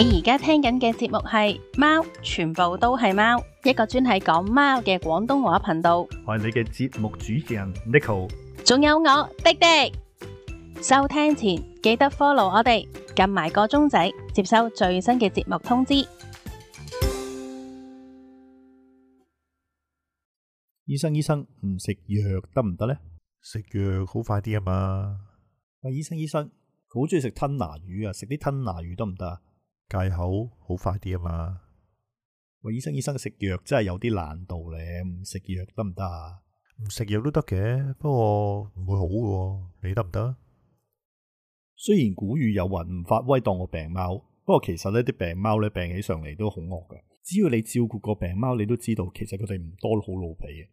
你而家聽緊嘅節目係《貓》，全部都係貓，一個專係講貓嘅廣東話頻道。我係你嘅節目主持人 Neko，仲有我廸廸。收聽前記得 follow 我哋，撳埋個鐘仔，接收最新嘅節目通知醫醫行行。醫生，醫生唔食藥得唔得呢？食藥好快啲啊嘛。啊，醫生，醫生佢好中意食吞拿魚啊，食啲吞拿魚得唔得啊？戒口好快啲啊嘛！喂，醫生，醫生，食藥真係有啲難度咧，唔食藥得唔得啊？唔食藥都得嘅，不過唔會好嘅。你得唔得？雖然古語有云唔發威當我病貓，不過其實呢啲病貓咧，病起上嚟,都好惡嘅。只要你照顧個病貓，你都知道其實佢哋唔多好老皮嘅。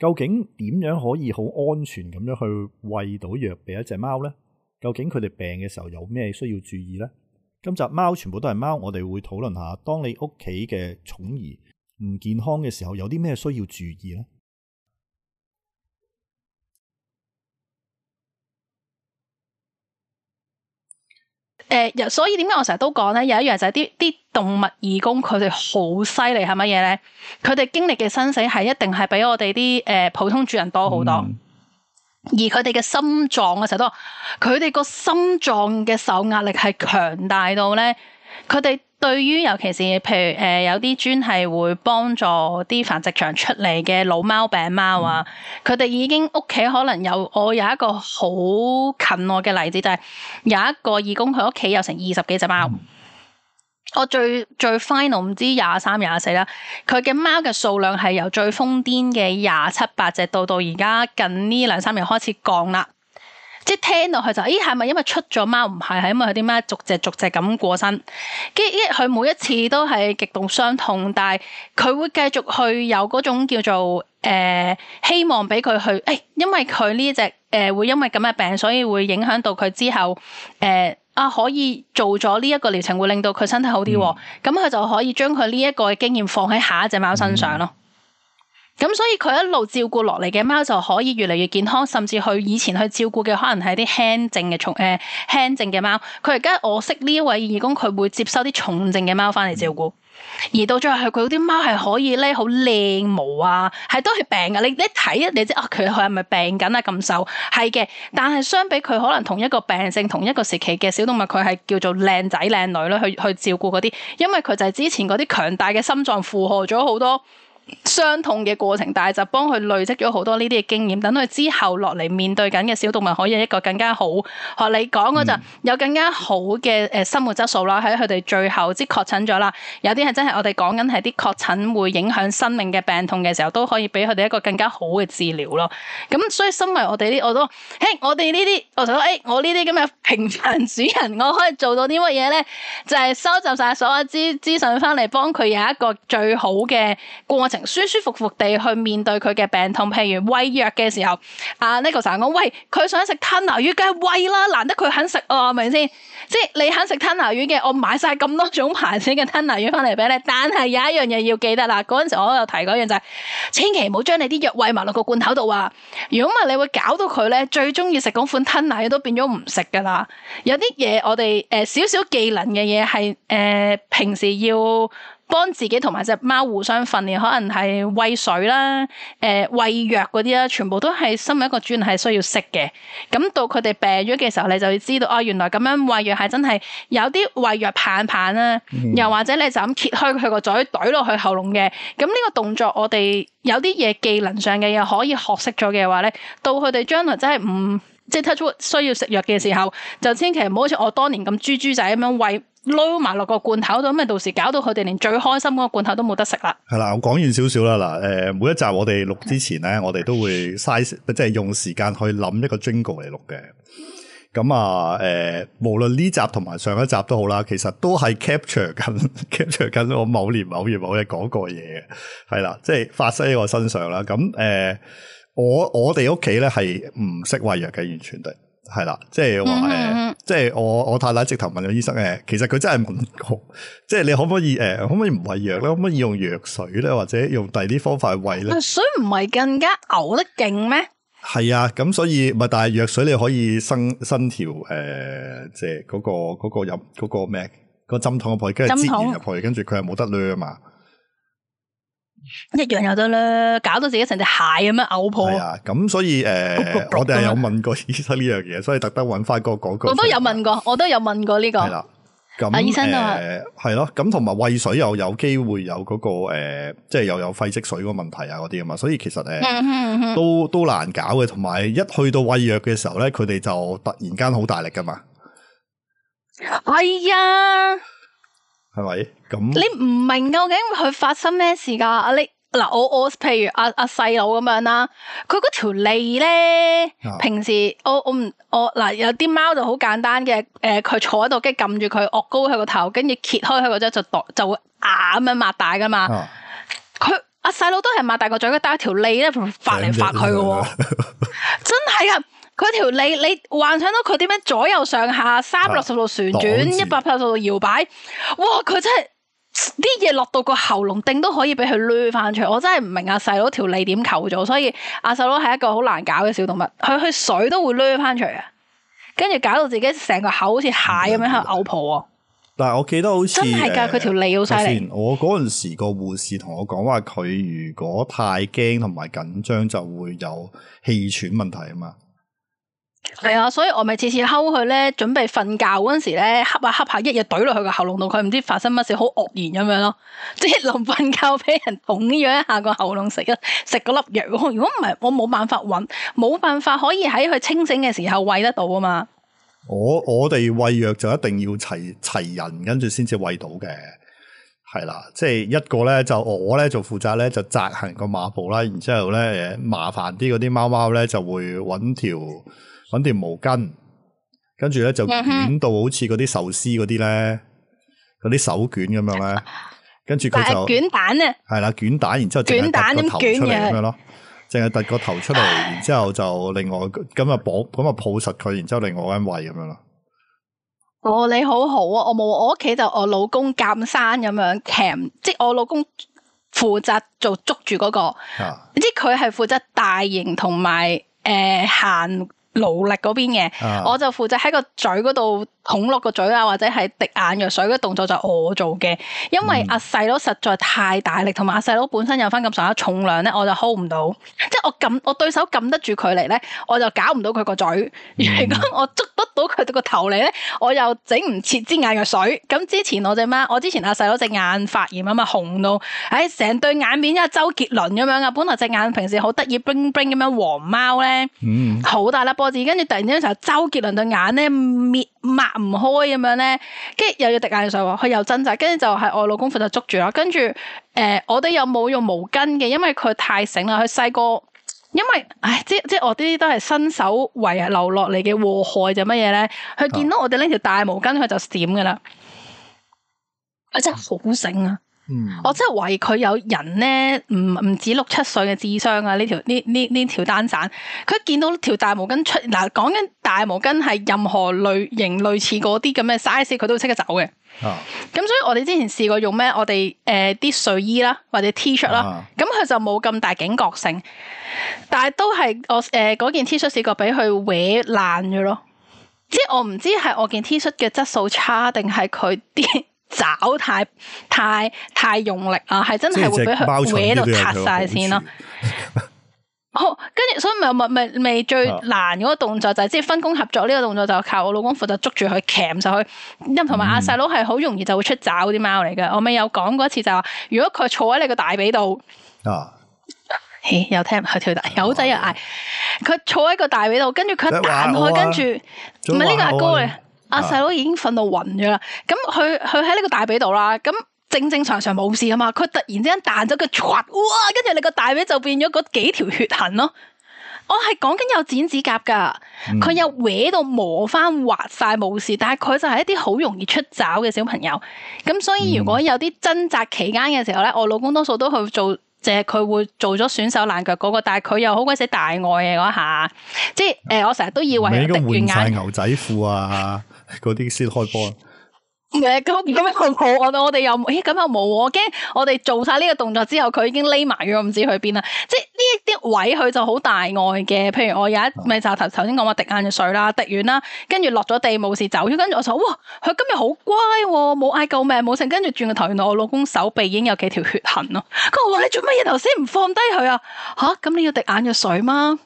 究竟點樣可以好安全咁樣去餵到藥俾一隻貓呢？究竟佢哋病嘅時候有咩需要注意呢？今集貓全部都係貓，我哋會討論下，當你屋企嘅寵兒唔健康嘅時候，有啲咩需要注意咧？誒、呃，所以點解我成日都講咧？有一樣就係啲啲動物義工，佢哋好犀利係乜嘢咧？佢哋經歷嘅生死係一定係比我哋啲誒普通主人多好多。嗯。而佢哋嘅心臟我成日都，佢哋個心臟嘅受壓力係強大到咧，佢哋對於尤其是譬如誒、呃、有啲專係會幫助啲繁殖場出嚟嘅老貓病貓啊，佢哋已經屋企可能有，我有一個好近我嘅例子就係，是，有一個義工佢屋企有成二十幾隻貓。我最最 final 唔知廿三廿四啦，佢嘅貓嘅數量係由最瘋癲嘅廿七八隻到到而家近呢兩三月開始降啦，即係聽到佢就，咦係咪因為出咗貓？唔係，係因為佢啲咩逐隻逐隻咁過身，跟住依佢每一次都係極度傷痛，但係佢會繼續去有嗰種叫做誒、呃、希望俾佢去，誒、哎、因為佢呢隻誒會因為咁嘅病，所以會影響到佢之後誒。呃啊！可以做咗呢一個療程，會令到佢身體好啲，咁佢、嗯、就可以將佢呢一個經驗放喺下一隻貓身上咯。咁、嗯、所以佢一路照顧落嚟嘅貓就可以越嚟越健康，甚至佢以前去照顧嘅可能係啲輕症嘅重誒輕症嘅貓，佢而家我識呢一位義工，佢會接收啲重症嘅貓翻嚟照顧。嗯而到最後佢啲貓係可以咧好靚毛啊，係都係病噶，你你睇啊，你知啊，佢係咪病緊啊咁瘦？係嘅，但係相比佢可能同一個病性同一個時期嘅小動物，佢係叫做靚仔靚女囉，去去照顧嗰啲，因為佢就係之前嗰啲強大嘅心臟負荷咗好多。傷痛嘅過程，但係就幫佢累積咗好多呢啲嘅經驗，等佢之後落嚟，面對緊嘅小動物，可以一個更加好學你講嗰陣，嗯、有更加好嘅誒生活質素啦。喺佢哋最後即係確診咗啦，有啲係真係我哋講緊係啲確診會影響生命嘅病痛嘅時候，都可以俾佢哋一個更加好嘅治療咯。咁所以身為我哋呢，我都誒我哋呢啲，我就誒我呢啲咁嘅平凡主人，我可以做到啲乜嘢咧？就係、是、收集晒所有資資訊翻嚟，幫佢有一個最好嘅過程。舒舒服服地去面對佢嘅病痛，譬如餵藥嘅時候，阿 Neko 成日講喂，佢想食吞拿魚梗係餵啦，難得佢肯食啊，係咪先？即係你肯食吞拿魚嘅，我買晒咁多種牌子嘅吞拿魚翻嚟俾你，但係有一樣嘢要記得啦。嗰陣時我又提嗰樣就係、是，千祈唔好將你啲藥餵埋落個罐頭度啊！如果唔係，你會搞到佢咧最中意食嗰款吞拿魚都變咗唔食噶啦。有啲嘢我哋誒少少技能嘅嘢係誒平時要幫自己同埋隻貓互相訓練，可能係餵水啦、誒、呃、餵藥嗰啲啦，全部都係身為一個專業係需要識嘅。咁到佢哋病咗嘅時候，你就要知道哦、哎，原來咁樣餵藥係真係有啲餵藥棒棒啦、啊，嗯、又或者你就咁揭開佢個嘴，懟落去喉嚨嘅。咁呢個動作，我哋有啲嘢技能上嘅嘢可以學識咗嘅話咧，到佢哋將來真係唔即係 touch wood，需要食藥嘅時候，就千祈唔好好似我當年咁豬豬仔咁樣餵。撈埋落個罐頭度，咁咪到時搞到佢哋連最開心嗰個罐頭都冇得食啦。係啦，我講完少少啦。嗱，誒，每一集我哋錄之前咧， 我哋都會嘥，即係用時間去諗一個 jingle 嚟錄嘅。咁啊，誒，無論呢集同埋上一集都好啦，其實都係 capture 緊 capture 緊 我某年某月某日講過嘢嘅，係啦，即係發生喺我身上啦。咁誒、呃，我我哋屋企咧係唔識餵藥嘅，完全的。係啦，即係話誒，mm hmm. 即係我我太太直頭問咗醫生誒，其實佢真係問過，即係你可唔可以誒、呃，可唔可以唔喂藥咧？可唔可以用藥水咧？或者用第二啲方法去喂咧？水唔係更加嘔得勁咩？係啊，咁所以咪但係藥水你可以伸伸條誒，即係、嗰、嗰個、嗰個飲、嗰個咩？嗰個針筒入去，跟住支完入去，跟住佢係冇得尿嘛。一樣有得啦，搞到自己成隻蟹咁樣嘔破。啊，咁所以誒，我哋係有問過醫生呢樣嘢，所以特登揾翻個嗰句。我都有問過，我都有問過呢個。係啦，咁醫生都係咯，咁同埋餵水又有機會有嗰個誒，即係又有肺積水嗰個問題啊，嗰啲啊嘛，所以其實誒，都都難搞嘅。同埋一去到餵藥嘅時候咧，佢哋就突然間好大力噶嘛。哎呀！係咪？咁你唔明究竟佢發生咩事噶？啊，你嗱，我我譬如阿阿細佬咁樣啦，佢嗰條脷咧，平時我我唔我嗱，有啲貓就好簡單嘅，誒、呃，佢坐喺度，跟住撳住佢，惡高佢個頭，跟住揭開佢個嘴，就度就會啊咁樣擘大噶嘛。佢阿細佬都係擘大個嘴，佢但係條脷咧，發嚟發去㗎喎，啊、 真係噶。佢條脷，你幻想到佢點樣左右上下三百六十度旋轉，一百八十度搖擺，哇！佢真係啲嘢，落到個喉嚨，定都可以俾佢捋翻出嚟。我真係唔明阿細佬條脷點求咗，所以阿細佬係一個好難搞嘅小動物。佢去水都會捋翻出嚟，跟住搞到自己成個口好似蟹咁樣喺度嘔泡啊！但係我記得好似真係噶，佢條脷好犀利。我嗰陣時個護士同我講話，佢如果太驚同埋緊張，就會有氣喘問題啊嘛。係啊，所以我咪次次摳佢咧，準備瞓覺嗰時咧，瞌下瞌下一嘢懟落佢個喉嚨度，佢唔知發生乜事，好愕然咁樣咯。即係臨瞓覺俾人捅咗一下個喉嚨，食咗食嗰粒藥。如果唔係，我冇辦法搵，冇辦法可以喺佢清醒嘅時候餵得到啊嘛。我我哋餵藥就一定要齊齊人跟住先至餵到嘅，係啦。即係一個咧就我咧就負責咧就扎行個馬步啦，然之後咧麻煩啲嗰啲貓貓咧就會搵條。揾條毛巾，跟住咧就捲到好似嗰啲壽司嗰啲咧，嗰啲、嗯、哼手卷咁樣咧。跟住佢就捲蛋啊，係啦捲蛋，然之後捲蛋咁捲出嚟咁樣咯，淨係突個頭出嚟的，然之後就另外咁啊綁咁啊抱實佢，然之後，後另外一位咁樣咯。哦，你好好啊，我冇我屋企就我老公監生咁樣鉗，即係我老公負責做捉住嗰、那個，即係佢係負責大型同埋誒限。努力嗰邊嘅，啊、我就負責喺個嘴嗰度捅落個嘴啊，或者係滴眼藥水嗰動作就我做嘅，因為阿細佬實在太大力，同埋阿細佬本身有翻咁上下重量咧，我就 hold 唔到，即係我撳我對手撳得住佢嚟咧，我就搞唔到佢個嘴；嗯、如果我捉得到佢個頭嚟咧，我又整唔切支眼藥水。咁之前我隻貓，我之前阿細佬隻眼發炎啊嘛，紅到，唉、哎，成對眼面啊周杰倫咁樣啊，本來隻眼平時好得意冰冰咁樣黃貓咧，好大粒跟住突然之間時候，周杰倫對眼咧擘唔開咁樣咧，跟住又要滴眼水喎，佢又掙扎，跟住就係我老公佢就捉住啦。跟住誒，我哋有冇用毛巾嘅？因為佢太醒啦，佢細個，因為唉，即即我啲都係新手遺留落嚟嘅禍害就乜嘢咧？佢見到我哋呢條大毛巾，佢就閃噶啦，啊真係好醒啊！我真係懷疑佢有人咧，唔唔止六七歲嘅智商啊！呢條呢呢呢條單盞，佢一見到條大毛巾出，嗱，講緊大毛巾係任何類型類似嗰啲咁嘅 size，佢都會即刻走嘅。哦，咁所以我哋之前試過用咩？我哋誒啲睡衣啦、啊，或者 T 恤啦，咁佢、啊啊、就冇咁大警覺性，但係都係我誒、呃、件 T 恤試過俾佢歪爛咗咯。即係我唔知係我件 T 恤嘅質素差定係佢啲。 爪太、太、太用力啊，係真係會俾佢搲到塌晒先咯。好，跟住所以咪咪咪咪最難嗰個動作就係，即係分工合作呢個動作就靠我老公負責捉住佢鉗實佢，因同埋阿細佬係好容易就會出爪啲貓嚟嘅。我咪有講過一次就係話，如果佢坐喺你個大髀度，啊，咦，又聽唔去跳大狗仔又嗌佢坐喺個大髀度，跟住佢彈開，跟住唔係呢個阿哥嚟。阿細佬已經瞓到暈咗啦，咁佢佢喺呢個大髀度啦，咁正正常常冇事啊嘛，佢突然之間彈咗個，哇！跟住你個大髀就變咗嗰幾條血痕咯。我係講緊有剪指甲㗎，佢、嗯、又歪到磨翻滑晒，冇事，但係佢就係一啲好容易出爪嘅小朋友。咁所以如果有啲掙扎期間嘅時候咧，嗯、我老公多數都去做，即係佢會做咗損手爛腳嗰、那個，但係佢又好鬼死大愛嘅嗰下，即係誒、呃、我成日都以為你應該換曬牛仔褲啊！ 嗰啲先開波球，誒咁咁好， 我又冇我，我哋又咦咁又冇，我驚我哋做晒呢個動作之後，佢已經匿埋咗，唔知去邊啦。即係呢啲位佢就好大礙嘅，譬如我有一咪就頭頭先講話滴眼藥水啦，滴完啦，跟住落咗地冇事走咗，跟住我話哇，佢今日好乖，冇嗌救命，冇剩，跟住轉個頭，原來我老公手臂已經有幾條血痕咯。佢我話你做乜嘢頭先唔放低佢啊？吓、嗯，咁你要滴眼藥水嗎？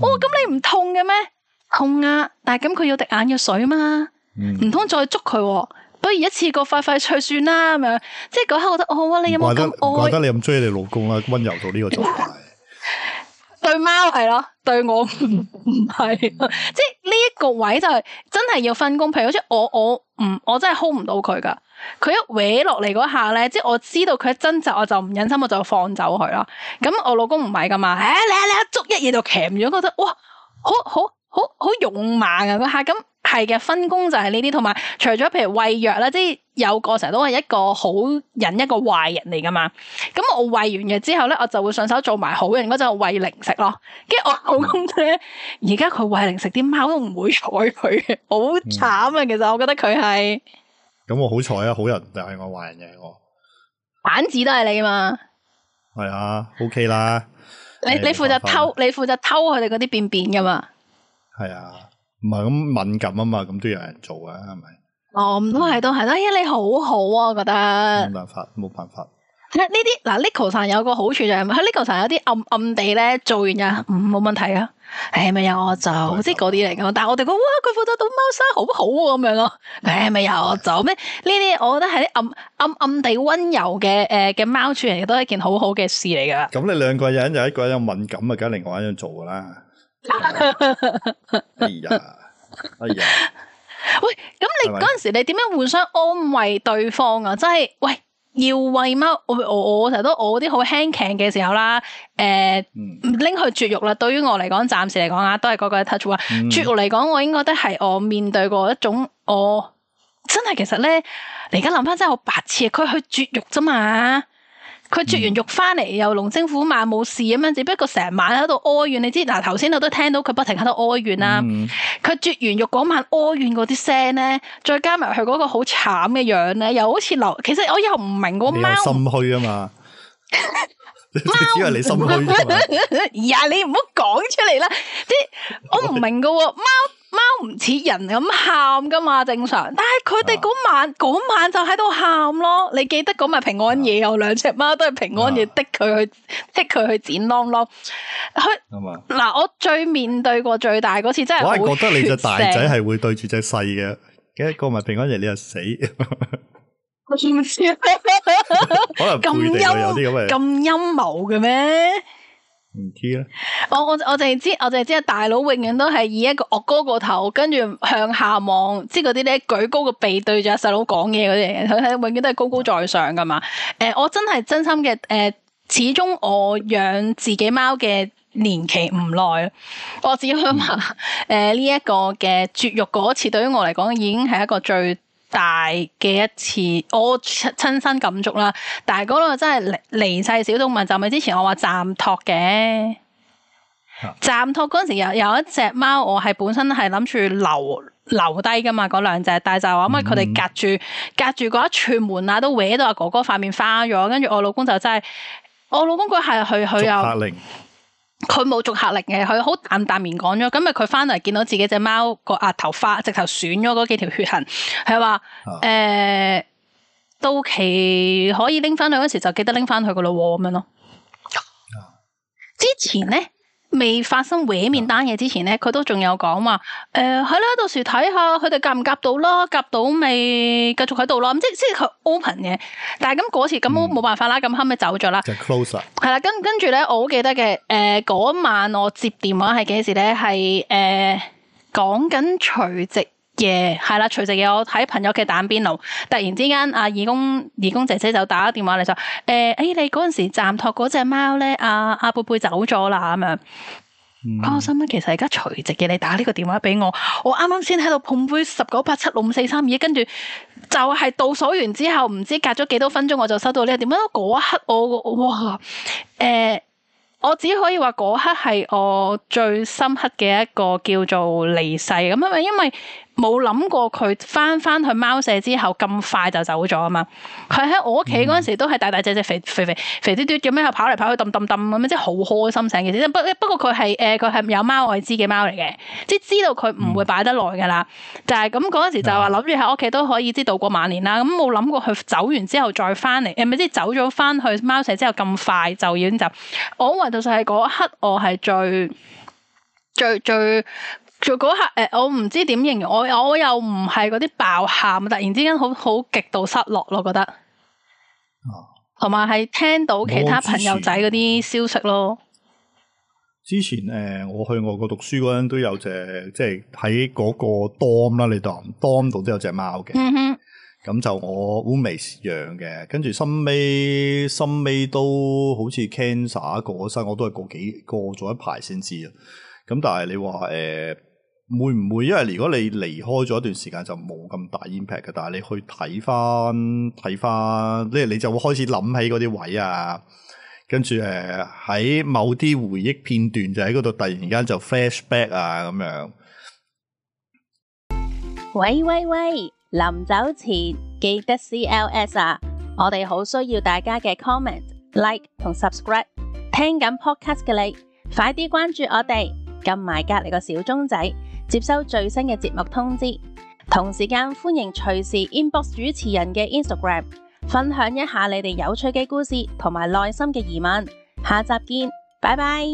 哦，咁、嗯、你唔痛嘅咩？ 痛啊！但係咁佢有滴眼藥水啊嘛？唔通、嗯、再捉佢、啊？不如一次過快快脆算啦咁樣。即係嗰刻覺得哦，你有冇咁？我覺得你咁鍾意你老公啦，温柔到呢個狀、就、態、是。 對貓係咯，對我唔唔係。即係呢一個位就係真係要分工。譬如好似我我唔我真係 hold 唔到佢噶，佢一搲落嚟嗰下咧，即係我知道佢一掙扎，我就唔忍心，我就放走佢咯。咁我老公唔係噶嘛，嚟你嚟啊，啊，啊捉一嘢，就鉗咗，覺得哇好好。好好好好勇猛啊！咁吓咁係嘅分工就係呢啲，同埋除咗譬如餵藥啦，即係有個成日都係一個好人一個壞人嚟噶嘛。咁我餵完藥之後咧，我就會順手做埋好人嗰陣餵零食咯。跟住我老公咧而家佢餵零食，啲貓都唔會睬佢，好慘啊！其實我覺得佢係咁，我好彩啊！好人就係我，壞人嘅我板子都係你嘛。係啊，OK 啦。你你負責偷，你負責偷佢哋嗰啲便便噶嘛？係啊，唔係咁敏感啊嘛，咁都有人做啊，係咪？哦、嗯，都係，都係啦，因為你好好啊，我覺得。冇辦法，冇辦法。呢啲嗱，Neko 上有個好處就係、是，佢 Neko 上有啲暗暗地咧，做完嘢冇、嗯、問題、哎、啊。誒、哎，咪又我就即係嗰啲嚟噶，但係我哋覺得，佢負責到貓砂好好咁樣咯。誒，咪又就咩呢啲？我覺得係啲暗暗暗地溫柔嘅誒嘅貓主人都係一件好好嘅事嚟噶。咁你兩個人就一個人有敏感啊，梗係另外一個人做噶啦。哎呀，哎呀！喂，咁你嗰陣時你點樣互相安慰對方啊？即係喂，要餵貓，我我我成日都我啲好輕輕嘅時候啦，誒、欸，拎去絕育啦。對於我嚟講，暫時嚟講啊，都係個個 touch 啊。嗯、絕育嚟講，我應該都係我面對過一種我真係其實咧，你而家諗翻真係好白痴，佢去絕育啫嘛。佢絕完肉翻嚟，又龍精虎猛，冇事咁樣，只不過成晚喺度哀怨，你知嗱頭先我都聽到佢不停喺度哀怨啦。佢絕完肉嗰晚哀怨嗰啲聲咧，再加埋佢嗰個好慘嘅樣咧，又好似流。其實我又唔明個貓心虛啊嘛。貓，只係你心虛啊嘛。呀，你唔好講出嚟啦！啲我唔明嘅喎貓唔似人咁喊噶嘛，正常。但係佢哋嗰晚、啊、晚就喺度喊咯。你記得嗰咪平安夜有兩隻貓都係平安夜的佢去的佢、啊、去剪啷啷。佢嗱、嗯，我最面對過最大嗰次真係我覺得你隻大仔係會對住隻細嘅，一過埋平安夜你又死。 我算唔算？ 可能咁陰咁陰謀嘅咩？唔知啦。我我我淨係知，我淨係知係大佬永遠都係以一個惡高個頭，跟住向下望，即係嗰啲咧舉高個鼻對住細佬講嘢啲嘅。佢佢永遠都係高高在上噶嘛。誒、呃，我真係真心嘅。誒、呃，始終我養自己貓嘅年期唔耐，我只可以話，誒呢一個嘅絕育嗰次，對於我嚟講已經係一個最。大嘅一次，我親身感觸啦。但係嗰個真係離離世小動物就咪之前我，我話、啊、暫託嘅。暫託。嗰陣時，有有一隻貓，我係本身係諗住留留低㗎嘛，嗰兩隻。但係就話因為佢哋隔住、嗯、隔住嗰一串門啊，都搲到阿哥哥塊面花咗。跟住我老公就真係，我老公佢係佢佢有。佢冇做嚇力嘅，佢好淡淡面講咗，咁咪佢翻嚟見到自己隻貓個額頭花，直頭損咗嗰幾條血痕，佢話，誒到期可以拎翻去嗰時，就記得拎翻去個咯咁樣咯。之前咧。未發生搲面單嘅之前咧，佢都仲有講話，誒係啦，到時睇下佢哋夾唔夾到啦，夾到咪繼續喺度啦，咁即即係佢 open 嘅。但係咁嗰次咁冇冇辦法啦，咁後尾走咗啦，係啦，跟跟住咧，我好記得嘅，誒、呃、嗰晚我接電話係幾時咧？係誒、呃、講緊除夕。嘅係啦，除夕嘅我喺朋友嘅蛋邊爐，突然之間啊義工義工姐姐就打咗電話嚟就誒誒你嗰陣時暫託嗰隻貓咧阿阿貝貝走咗啦咁樣，我、mm hmm. 哦、心諗其實而家除夕嘅你打呢個電話俾我，我啱啱先喺度碰杯十九八七六五四三二一，跟住就係倒數完之後，唔知隔咗幾多分鐘我就收到呢個電話，嗰刻我哇誒、欸，我只可以話嗰刻係我最深刻嘅一個叫做離世咁樣，因為冇諗過佢翻翻去貓舍之後咁快就走咗啊嘛！佢喺我屋企嗰陣時都係大大隻隻，隻、肥肥肥、肥嘟嘟咁樣跑嚟跑去、氹氹氹咁樣，即係好開心醒嘅。不不過佢係誒，佢、呃、係有貓愛滋嘅貓嚟嘅，即係知道佢唔會擺得耐㗎啦。嗯、但就係咁嗰陣時就話諗住喺屋企都可以知度過晚年啦。咁冇諗過佢走完之後再翻嚟，係咪即係走咗翻去貓舍之後咁快就已經走？我認為就係嗰刻我係最最最。最最做嗰下我唔知點形容，我又我又唔係嗰啲爆喊，突然之間好好極度失落咯，我覺得，同埋係聽到其他朋友仔嗰啲消息咯。之前誒、呃，我去外國讀書嗰陣都有隻，即係喺嗰個 dorm 啦，嗯、哼你度 dorm 度都有隻貓嘅。咁、嗯、哼就我 roommate 養嘅，跟住深尾深尾都好似 cancer 過咗身，我都係過幾過咗一排先知啊。咁但係你話誒？呃會唔會？因為如果你離開咗一段時間，就冇咁大 impact 嘅。但係你去睇翻睇翻，即係你就會開始諗起嗰啲位啊，跟住誒喺某啲回憶片段就喺嗰度，突然間就 flashback 啊，咁樣。喂喂喂！臨走前記得 CLS 啊！我哋好需要大家嘅 comment、like 同 subscribe。聽緊 podcast 嘅你，快啲關注我哋，撳埋隔籬個小鐘仔。接收最新嘅節目通知，同時間歡迎隨時 inbox 主持人嘅 Instagram，分享一下你哋有趣嘅故事同埋內心嘅疑問。下集見，拜拜。